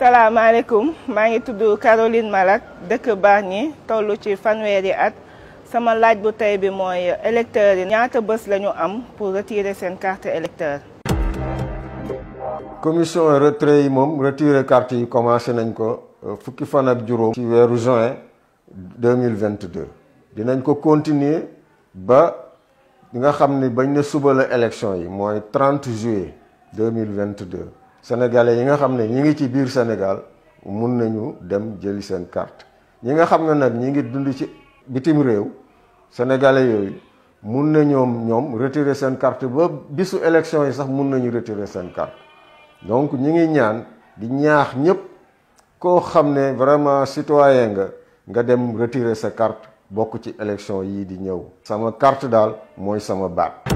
salaamaaleykum maa ngi tudd Caroline Malak dëkk Bargny toll ci yi at sama laaj bu tey bi mooy électeurs yi ñaata bés la am pour retirer seen carte électeur commission yi moom retirer carte yi commencé nañ ko euh, fukki fan ak juróom ci weeru juin 2022 dinañ ko continuer ba nga xam ni bañ ne suba la élection yi mooy 30 juillet 2022 sénégalais yi nga xam ne ñi ngi ci biir Sénégal mun nañu dem jëli seen carte ñi nga xam ne nag ñi ngi dund ci bitim réew sénégalais yooyu mun na ñoom ñoom retirer seen carte ba bisu élection yi sax mun nañu retirer seen carte donc ñi ngi ñaan di ñaax ñëpp koo xam ne vraiment citoyen nga nga dem retirer sa carte bokk ci élection yii di ñëw sama carte daal mooy sama baat